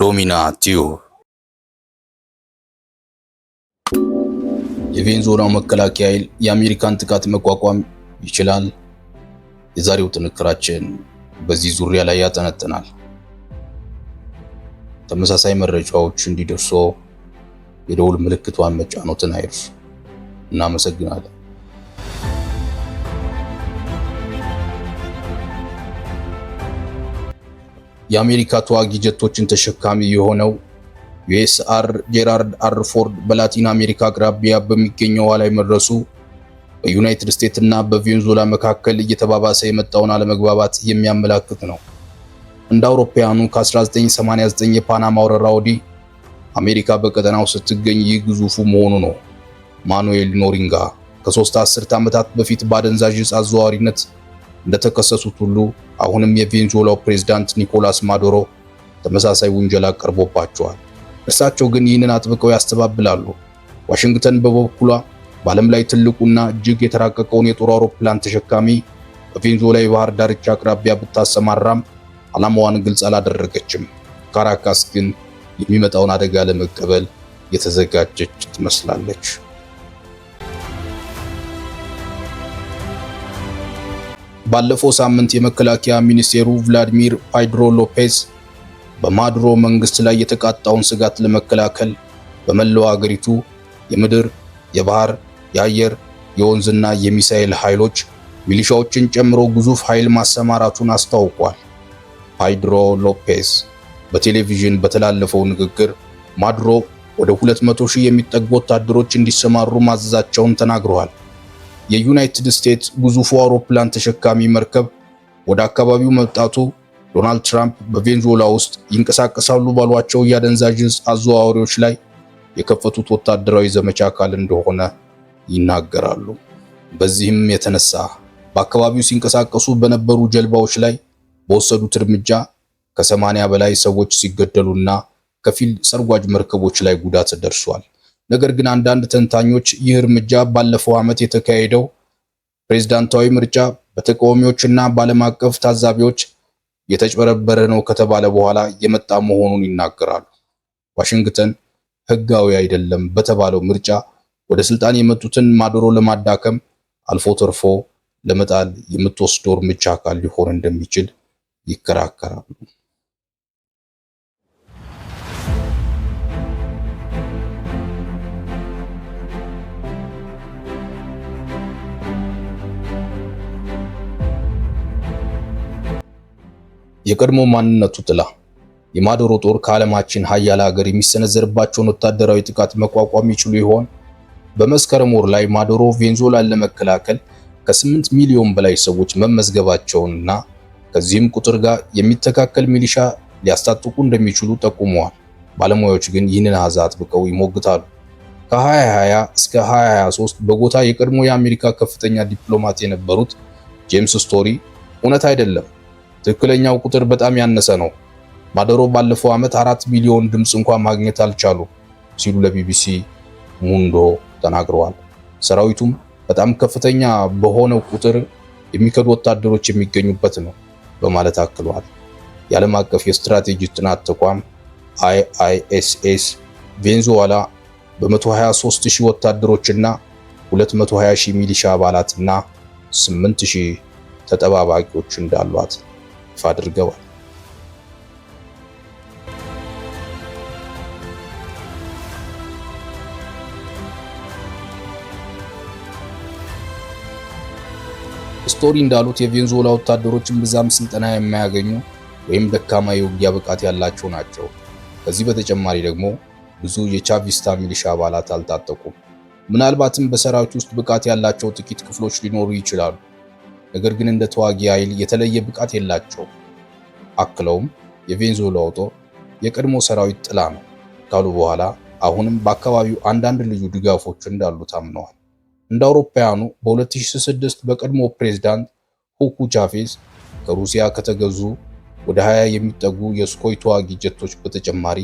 ሎሚና ቲዩብ የቬንዙዌላ መከላከያ ኃይል የአሜሪካን ጥቃት መቋቋም ይችላል። የዛሬው ጥንክራችን በዚህ ዙሪያ ላይ ያጠነጥናል። ተመሳሳይ መረጃዎች እንዲደርሶ የደውል ምልክቷን መጫኖትን አይርሱ። እናመሰግናለን። የአሜሪካ ተዋጊ ጀቶችን ተሸካሚ የሆነው ዩኤስአር ጄራርድ አር ፎርድ በላቲን አሜሪካ አቅራቢያ በሚገኘው ውሃ ላይ መድረሱ በዩናይትድ ስቴትስ እና በቬንዙላ መካከል እየተባባሰ የመጣውን አለመግባባት የሚያመላክት ነው። እንደ አውሮፓውያኑ ከ1989 የፓናማ ወረራ ወዲህ አሜሪካ በቀጠናው ስትገኝ ይህ ግዙፉ መሆኑ ነው። ማኑኤል ኖሪንጋ ከሶስት አስርት ዓመታት በፊት በአደንዛዥ ዕፅ አዘዋዋሪነት እንደተከሰሱት ሁሉ አሁንም የቬንዙዌላው ፕሬዝዳንት ኒኮላስ ማዱሮ ተመሳሳይ ውንጀላ ቀርቦባቸዋል። እርሳቸው ግን ይህንን አጥብቀው ያስተባብላሉ። ዋሽንግተን በበኩሏ በዓለም ላይ ትልቁና እጅግ የተራቀቀውን የጦር አውሮፕላን ተሸካሚ በቬንዙዌላ የባህር ዳርቻ አቅራቢያ ብታሰማራም ዓላማዋን ግልጽ አላደረገችም። ካራካስ ግን የሚመጣውን አደጋ ለመቀበል የተዘጋጀች ትመስላለች። ባለፈው ሳምንት የመከላከያ ሚኒስቴሩ ቭላዲሚር ፓድሮ ሎፔዝ በማድሮ መንግስት ላይ የተቃጣውን ስጋት ለመከላከል በመላው አገሪቱ የምድር፣ የባህር፣ የአየር፣ የወንዝና የሚሳኤል ኃይሎች ሚሊሻዎችን ጨምሮ ግዙፍ ኃይል ማሰማራቱን አስታውቋል። ፓድሮ ሎፔዝ በቴሌቪዥን በተላለፈው ንግግር ማድሮ ወደ 200 ሺህ የሚጠጉ ወታደሮች እንዲሰማሩ ማዘዛቸውን ተናግረዋል። የዩናይትድ ስቴትስ ግዙፉ አውሮፕላን ተሸካሚ መርከብ ወደ አካባቢው መምጣቱ ዶናልድ ትራምፕ በቬንዙዌላ ውስጥ ይንቀሳቀሳሉ ባሏቸው የአደንዛዥ ዕፅ አዘዋዋሪዎች ላይ የከፈቱት ወታደራዊ ዘመቻ አካል እንደሆነ ይናገራሉ። በዚህም የተነሳ በአካባቢው ሲንቀሳቀሱ በነበሩ ጀልባዎች ላይ በወሰዱት እርምጃ ከ80 በላይ ሰዎች ሲገደሉና ከፊል ሰርጓጅ መርከቦች ላይ ጉዳት ደርሷል። ነገር ግን አንዳንድ ተንታኞች ይህ እርምጃ ባለፈው ዓመት የተካሄደው ፕሬዝዳንታዊ ምርጫ በተቃዋሚዎች እና በዓለም አቀፍ ታዛቢዎች የተጭበረበረ ነው ከተባለ በኋላ የመጣ መሆኑን ይናገራሉ። ዋሽንግተን ህጋዊ አይደለም በተባለው ምርጫ ወደ ስልጣን የመጡትን ማዶሮ ለማዳከም አልፎ ተርፎ ለመጣል የምትወስደው እርምጃ አካል ሊሆን እንደሚችል ይከራከራሉ። የቀድሞ ማንነቱ ጥላ የማዶሮ ጦር ከዓለማችን ሀያል ሀገር የሚሰነዘርባቸውን ወታደራዊ ጥቃት መቋቋም ይችሉ ይሆን? በመስከረም ወር ላይ ማዶሮ ቬንዙላን ለመከላከል ከ8 ሚሊዮን በላይ ሰዎች መመዝገባቸውንና ከዚህም ቁጥር ጋር የሚተካከል ሚሊሻ ሊያስታጥቁ እንደሚችሉ ጠቁመዋል። ባለሙያዎች ግን ይህንን አሃዝ አጥብቀው ይሞግታሉ። ከ2020 እስከ 2023 በጎታ የቀድሞ የአሜሪካ ከፍተኛ ዲፕሎማት የነበሩት ጄምስ ስቶሪ እውነት አይደለም ትክክለኛው ቁጥር በጣም ያነሰ ነው። ማደሮ ባለፈው ዓመት አራት ሚሊዮን ድምፅ እንኳን ማግኘት አልቻሉ ሲሉ ለቢቢሲ ሙንዶ ተናግረዋል። ሰራዊቱም በጣም ከፍተኛ በሆነው ቁጥር የሚከዱ ወታደሮች የሚገኙበት ነው በማለት አክሏል። የዓለም አቀፍ የስትራቴጂ ጥናት ተቋም አይአይኤስኤስ ቬንዙዋላ በ123000 ወታደሮችና 220000 ሚሊሻ አባላትና 8000 ተጠባባቂዎች እንዳሏት ይፋ አድርገዋል። ስቶሪ እንዳሉት የቬንዙዌላ ወታደሮች ብዛም ስልጠና የማያገኙ ወይም ደካማ የውጊያ ብቃት ያላቸው ናቸው። ከዚህ በተጨማሪ ደግሞ ብዙ የቻቪስታ ሚሊሻ አባላት አልታጠቁም። ምናልባትም በሰራዊት ውስጥ ብቃት ያላቸው ጥቂት ክፍሎች ሊኖሩ ይችላሉ። ነገር ግን እንደ ተዋጊ ኃይል የተለየ ብቃት የላቸውም። አክለውም የቬንዙዌላ ጦር የቀድሞ ሰራዊት ጥላ ነው ካሉ በኋላ አሁንም በአካባቢው አንዳንድ ልዩ ድጋፎች እንዳሉ ታምነዋል። እንደ አውሮፓውያኑ በ2006 በቀድሞ ፕሬዝዳንት ሁኩ ቻፌዝ ከሩሲያ ከተገዙ ወደ 20 የሚጠጉ የስኮይ ተዋጊ ጀቶች በተጨማሪ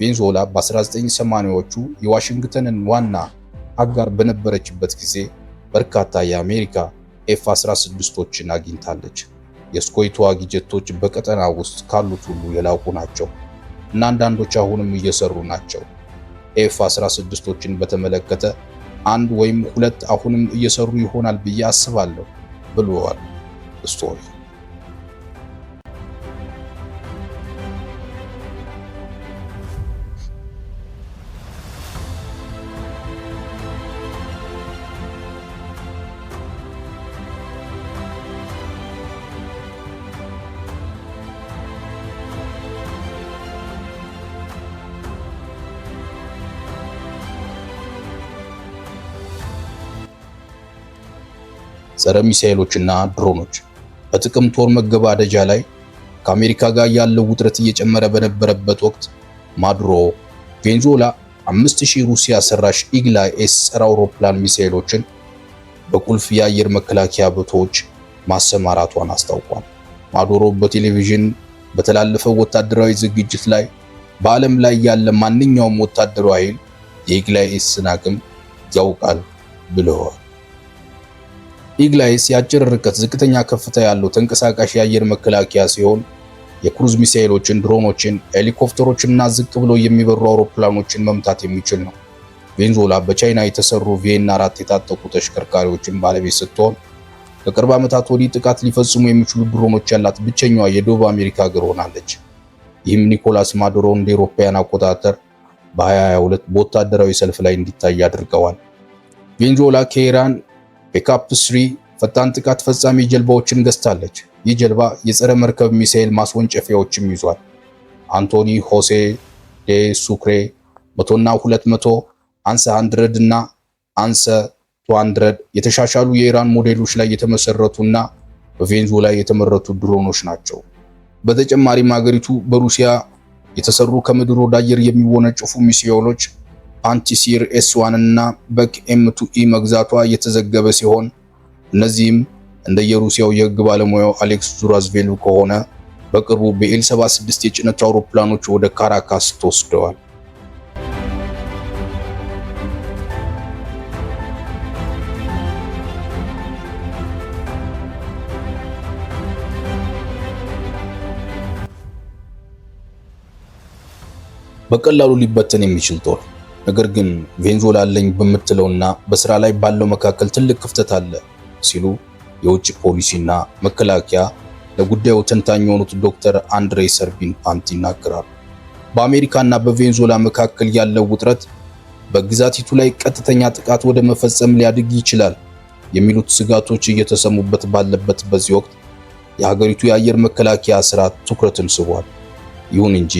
ቬንዙዌላ በ1980ዎቹ የዋሽንግተንን ዋና አጋር በነበረችበት ጊዜ በርካታ የአሜሪካ ኤፍ 16ቶችን አግኝታለች። የስኮይ ተዋጊ ጀቶች በቀጠና ውስጥ ካሉት ሁሉ የላቁ ናቸው እና አንዳንዶች አሁንም እየሰሩ ናቸው። ኤፍ 16ቶችን በተመለከተ አንድ ወይም ሁለት አሁንም እየሰሩ ይሆናል ብዬ አስባለሁ ብለዋል ስቶሪ። ጸረ ሚሳኤሎችና ድሮኖች። በጥቅምት ወር መገባደጃ ላይ ከአሜሪካ ጋር ያለው ውጥረት እየጨመረ በነበረበት ወቅት ማዱሮ ቬንዙዌላ 5000 ሩሲያ ሰራሽ ኢግላ ኤስ ጸረ አውሮፕላን ሚሳኤሎችን በቁልፍ የአየር መከላከያ ቦታዎች ማሰማራቷን አስታውቋል። ማዱሮ በቴሌቪዥን በተላለፈው ወታደራዊ ዝግጅት ላይ በዓለም ላይ ያለ ማንኛውም ወታደራዊ ኃይል የኢግላ ኤስን አቅም ያውቃል ብለዋል። ኢግላይስ የአጭር ርቀት ዝቅተኛ ከፍታ ያለው ተንቀሳቃሽ የአየር መከላከያ ሲሆን የክሩዝ ሚሳኤሎችን፣ ድሮኖችን፣ ሄሊኮፕተሮችንና ዝቅ ብለው የሚበሩ አውሮፕላኖችን መምታት የሚችል ነው። ቬንዙዌላ በቻይና የተሰሩ ቪኤና አራት የታጠቁ ተሽከርካሪዎችን ባለቤት ስትሆን ከቅርብ ዓመታት ወዲህ ጥቃት ሊፈጽሙ የሚችሉ ድሮኖች ያላት ብቸኛዋ የደቡብ አሜሪካ ሀገር ሆናለች። ይህም ኒኮላስ ማዱሮ እንደ አውሮፓውያን አቆጣጠር በ2022 በወታደራዊ ሰልፍ ላይ እንዲታይ አድርገዋል። ቬንዙዌላ ከኢራን ፔካፕ ስሪ ፈጣን ጥቃት ፈጻሚ ጀልባዎችን ገዝታለች። ይህ ጀልባ የጸረ መርከብ ሚሳኤል ማስወንጨፊያዎችም ይዟል። አንቶኒ ሆሴ ዴ ሱክሬ መቶና ሁለት መቶ አንሰ አንድረድ እና አንሰ ቱ አንድረድ የተሻሻሉ የኢራን ሞዴሎች ላይ የተመሰረቱና ላይ የተመረቱ ድሮኖች ናቸው። በተጨማሪም ሀገሪቱ በሩሲያ የተሰሩ ከምድር ወደ አየር የሚወነጨፉ ሚሳኤሎች አንቲሲር ሲር 1 እና በክ ኤም መግዛቷ የተዘገበ ሲሆን እነዚህም እንደ የሩሲያው የህግ ባለሙያው አሌክስ ዙራዝቬሉ ከሆነ በቅርቡ በኤል 76 የጭነት አውሮፕላኖች ወደ ካራካስ ተወስደዋል። በቀላሉ ሊበተን የሚችል ጦር ነገር ግን ቬንዙዌላ አለኝ በምትለውና በስራ ላይ ባለው መካከል ትልቅ ክፍተት አለ ሲሉ የውጭ ፖሊሲና መከላከያ ለጉዳዩ ተንታኝ የሆኑት ዶክተር አንድሬ ሰርቢን ፓንት ይናገራሉ። በአሜሪካና በቬንዙዌላ መካከል ያለው ውጥረት በግዛቲቱ ላይ ቀጥተኛ ጥቃት ወደ መፈጸም ሊያድግ ይችላል የሚሉት ስጋቶች እየተሰሙበት ባለበት በዚህ ወቅት የሀገሪቱ የአየር መከላከያ ስርዓት ትኩረትን ስቧል። ይሁን እንጂ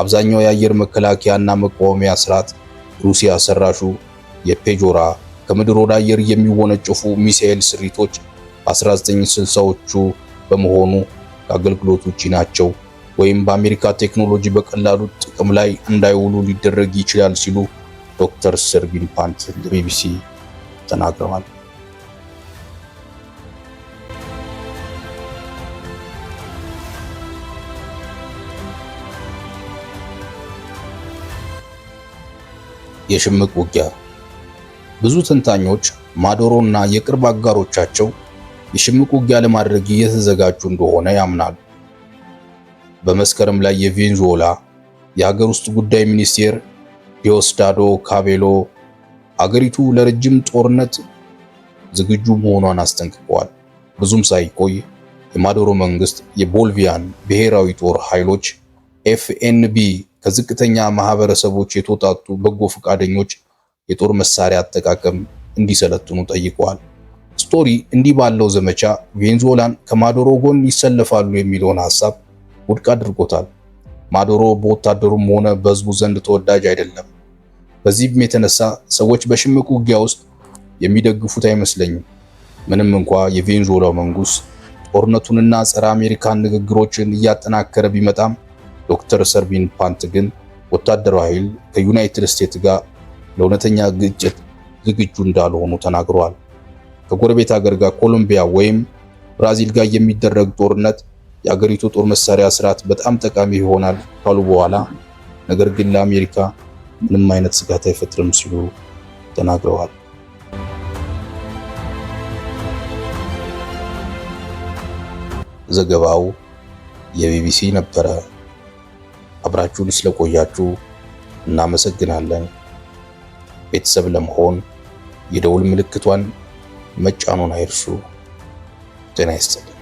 አብዛኛው የአየር መከላከያና መቃወሚያ ስርዓት ሩሲያ ሰራሹ የፔጆራ ከምድር ወደ አየር የሚወነጨፉ ሚሳኤል ስሪቶች 1960ዎቹ በመሆኑ ከአገልግሎት ውጪ ናቸው ወይም በአሜሪካ ቴክኖሎጂ በቀላሉ ጥቅም ላይ እንዳይውሉ ሊደረግ ይችላል ሲሉ ዶክተር ሰርጊን ፓንት ለቢቢሲ ተናግረዋል። የሽምቅ ውጊያ ብዙ ተንታኞች ማዶሮና የቅርብ አጋሮቻቸው የሽምቅ ውጊያ ለማድረግ እየተዘጋጁ እንደሆነ ያምናሉ። በመስከረም ላይ የቬንዙዌላ የሀገር ውስጥ ጉዳይ ሚኒስቴር ዲዮስዳዶ ካቤሎ አገሪቱ ለረጅም ጦርነት ዝግጁ መሆኗን አስጠንቅቀዋል። ብዙም ሳይቆይ የማዶሮ መንግስት የቦልቪያን ብሔራዊ ጦር ኃይሎች ኤፍኤንቢ ከዝቅተኛ ማህበረሰቦች የተውጣጡ በጎ ፈቃደኞች የጦር መሳሪያ አጠቃቀም እንዲሰለጥኑ ጠይቀዋል። ስቶሪ እንዲህ ባለው ዘመቻ ቬንዙዌላን ከማዶሮ ጎን ይሰለፋሉ የሚለውን ሐሳብ ውድቅ አድርጎታል። ማዶሮ በወታደሩም ሆነ በህዝቡ ዘንድ ተወዳጅ አይደለም። በዚህም የተነሳ ሰዎች በሽምቅ ውጊያ ውስጥ የሚደግፉት አይመስለኝም። ምንም እንኳ የቬንዙዌላው መንግስት ጦርነቱንና ጸረ አሜሪካን ንግግሮችን እያጠናከረ ቢመጣም ዶክተር ሰርቢን ፓንት ግን ወታደራዊ ኃይል ከዩናይትድ ስቴትስ ጋር ለእውነተኛ ግጭት ዝግጁ እንዳልሆኑ ተናግረዋል። ከጎረቤት ሀገር ጋር ኮሎምቢያ ወይም ብራዚል ጋር የሚደረግ ጦርነት የአገሪቱ ጦር መሳሪያ ስርዓት በጣም ጠቃሚ ይሆናል ካሉ በኋላ ነገር ግን ለአሜሪካ ምንም አይነት ስጋት አይፈጥርም ሲሉ ተናግረዋል። ዘገባው የቢቢሲ ነበረ። አብራችሁን ስለቆያችሁ እናመሰግናለን። ቤተሰብ ለመሆን የደውል ምልክቷን መጫኑን አይርሱ። ጤና ይስጥልኝ።